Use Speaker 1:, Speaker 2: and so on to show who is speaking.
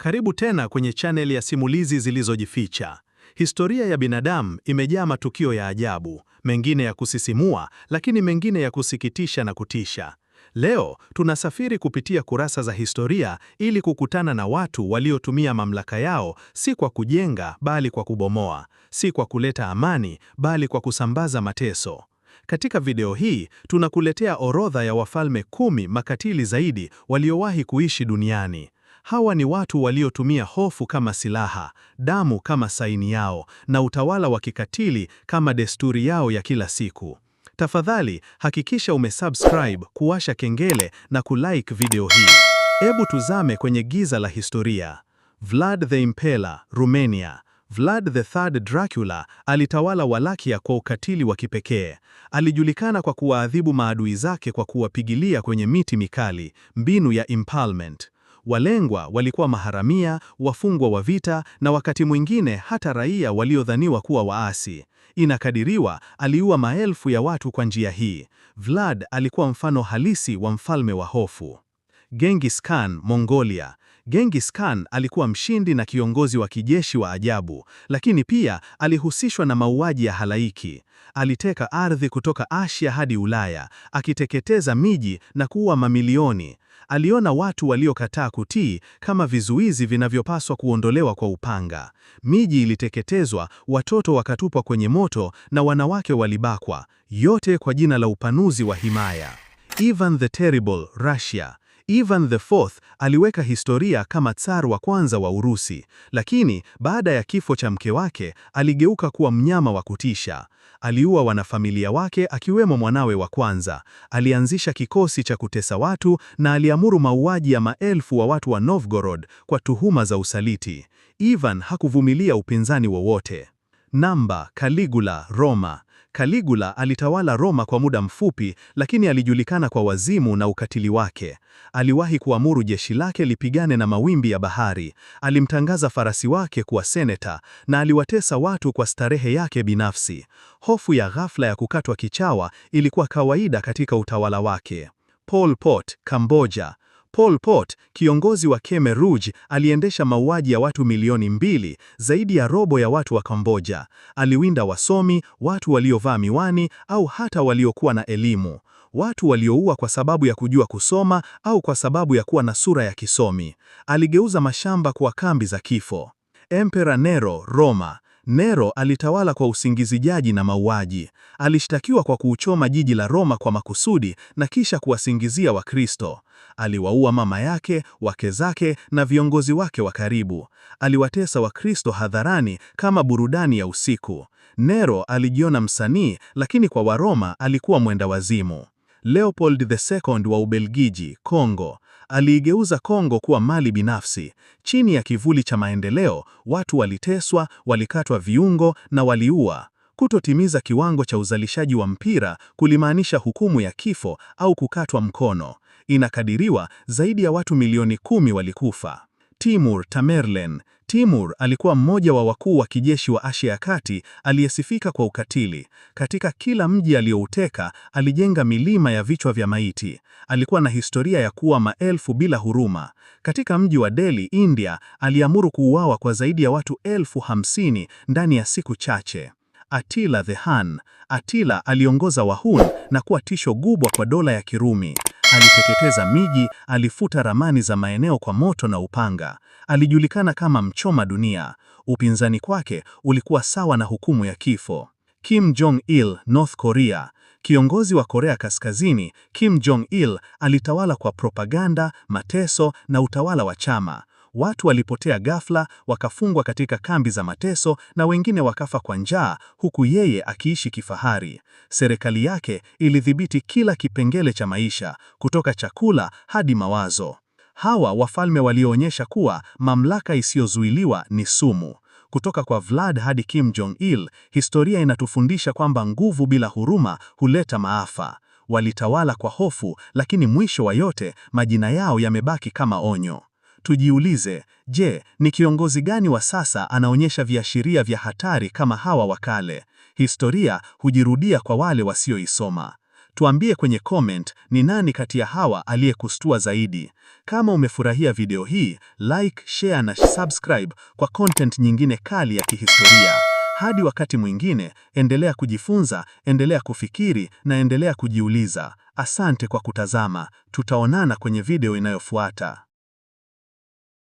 Speaker 1: Karibu tena kwenye chaneli ya simulizi zilizojificha. Historia ya binadamu imejaa matukio ya ajabu, mengine ya kusisimua, lakini mengine ya kusikitisha na kutisha. Leo tunasafiri kupitia kurasa za historia ili kukutana na watu waliotumia mamlaka yao si kwa kujenga bali kwa kubomoa, si kwa kuleta amani bali kwa kusambaza mateso. Katika video hii tunakuletea orodha ya wafalme kumi makatili zaidi waliowahi kuishi duniani. Hawa ni watu waliotumia hofu kama silaha, damu kama saini yao, na utawala wa kikatili kama desturi yao ya kila siku. Tafadhali hakikisha umesubscribe, kuwasha kengele na kulike video hii. Hebu tuzame kwenye giza la historia. Vlad the Impaler, Romania. Vlad the Third Dracula alitawala Walakia kwa ukatili wa kipekee. Alijulikana kwa kuwaadhibu maadui zake kwa kuwapigilia kwenye miti mikali, mbinu ya impalement. Walengwa walikuwa maharamia, wafungwa wa vita na wakati mwingine hata raia waliodhaniwa kuwa waasi. Inakadiriwa aliua maelfu ya watu kwa njia hii. Vlad alikuwa mfano halisi wa mfalme wa hofu. Genghis Khan, Mongolia. Genghis Khan alikuwa mshindi na kiongozi wa kijeshi wa ajabu, lakini pia alihusishwa na mauaji ya halaiki. Aliteka ardhi kutoka Asia hadi Ulaya, akiteketeza miji na kuua mamilioni. Aliona watu waliokataa kutii kama vizuizi vinavyopaswa kuondolewa kwa upanga. Miji iliteketezwa, watoto wakatupwa kwenye moto na wanawake walibakwa, yote kwa jina la upanuzi wa himaya. Ivan the Terrible, Russia. Ivan the Fourth aliweka historia kama tsar wa kwanza wa Urusi, lakini baada ya kifo cha mke wake aligeuka kuwa mnyama wa kutisha. Aliua wanafamilia wake akiwemo mwanawe wa kwanza, alianzisha kikosi cha kutesa watu na aliamuru mauaji ya maelfu wa watu wa Novgorod kwa tuhuma za usaliti. Ivan hakuvumilia upinzani wowote. Namba Caligula, Roma. Caligula alitawala Roma kwa muda mfupi, lakini alijulikana kwa wazimu na ukatili wake. Aliwahi kuamuru jeshi lake lipigane na mawimbi ya bahari, alimtangaza farasi wake kuwa seneta, na aliwatesa watu kwa starehe yake binafsi. Hofu ya ghafla ya kukatwa kichawa ilikuwa kawaida katika utawala wake. Pol Pot, Kamboja. Pol Pot, kiongozi wa Khmer Rouge, aliendesha mauaji ya watu milioni mbili, zaidi ya robo ya watu wa Kamboja. Aliwinda wasomi, watu waliovaa miwani au hata waliokuwa na elimu. Watu walioua kwa sababu ya kujua kusoma au kwa sababu ya kuwa na sura ya kisomi. Aligeuza mashamba kuwa kambi za kifo. Emperor Nero, Roma. Nero alitawala kwa usingiziaji na mauaji. Alishtakiwa kwa kuuchoma jiji la Roma kwa makusudi na kisha kuwasingizia Wakristo. Aliwaua mama yake, wake zake na viongozi wake wa karibu. Aliwatesa Wakristo hadharani kama burudani ya usiku. Nero alijiona msanii, lakini kwa Waroma alikuwa mwenda wazimu. Leopold II wa Ubelgiji, Kongo aliigeuza Kongo kuwa mali binafsi. Chini ya kivuli cha maendeleo, watu waliteswa, walikatwa viungo na waliua. Kutotimiza kiwango cha uzalishaji wa mpira kulimaanisha hukumu ya kifo au kukatwa mkono. Inakadiriwa zaidi ya watu milioni kumi walikufa. Timur Tamerlan Timur alikuwa mmoja wa wakuu wa kijeshi wa Asia ya Kati aliyesifika kwa ukatili. Katika kila mji aliyouteka, alijenga milima ya vichwa vya maiti. Alikuwa na historia ya kuua maelfu bila huruma. Katika mji wa Delhi, India, aliamuru kuuawa kwa zaidi ya watu elfu hamsini ndani ya siku chache. Attila the Hun. Attila aliongoza Wahun na kuwa tisho kubwa kwa dola ya Kirumi. Aliteketeza miji, alifuta ramani za maeneo kwa moto na upanga. Alijulikana kama mchoma dunia. Upinzani kwake ulikuwa sawa na hukumu ya kifo. Kim Jong Il, North Korea. Kiongozi wa Korea Kaskazini, Kim Jong Il alitawala kwa propaganda, mateso na utawala wa chama watu walipotea ghafla, wakafungwa katika kambi za mateso na wengine wakafa kwa njaa, huku yeye akiishi kifahari. Serikali yake ilidhibiti kila kipengele cha maisha, kutoka chakula hadi mawazo. Hawa wafalme walioonyesha kuwa mamlaka isiyozuiliwa ni sumu. Kutoka kwa Vlad hadi Kim Jong Il, historia inatufundisha kwamba nguvu bila huruma huleta maafa. Walitawala kwa hofu, lakini mwisho wa yote majina yao yamebaki kama onyo tujiulize, je, ni kiongozi gani wa sasa anaonyesha viashiria vya hatari kama hawa wa kale? Historia hujirudia kwa wale wasioisoma. Tuambie kwenye comment ni nani kati ya hawa aliyekustua zaidi. Kama umefurahia video hii, like, share na subscribe kwa content nyingine kali ya kihistoria. Hadi wakati mwingine, endelea kujifunza, endelea kufikiri na endelea kujiuliza. Asante kwa kutazama. Tutaonana kwenye video inayofuata.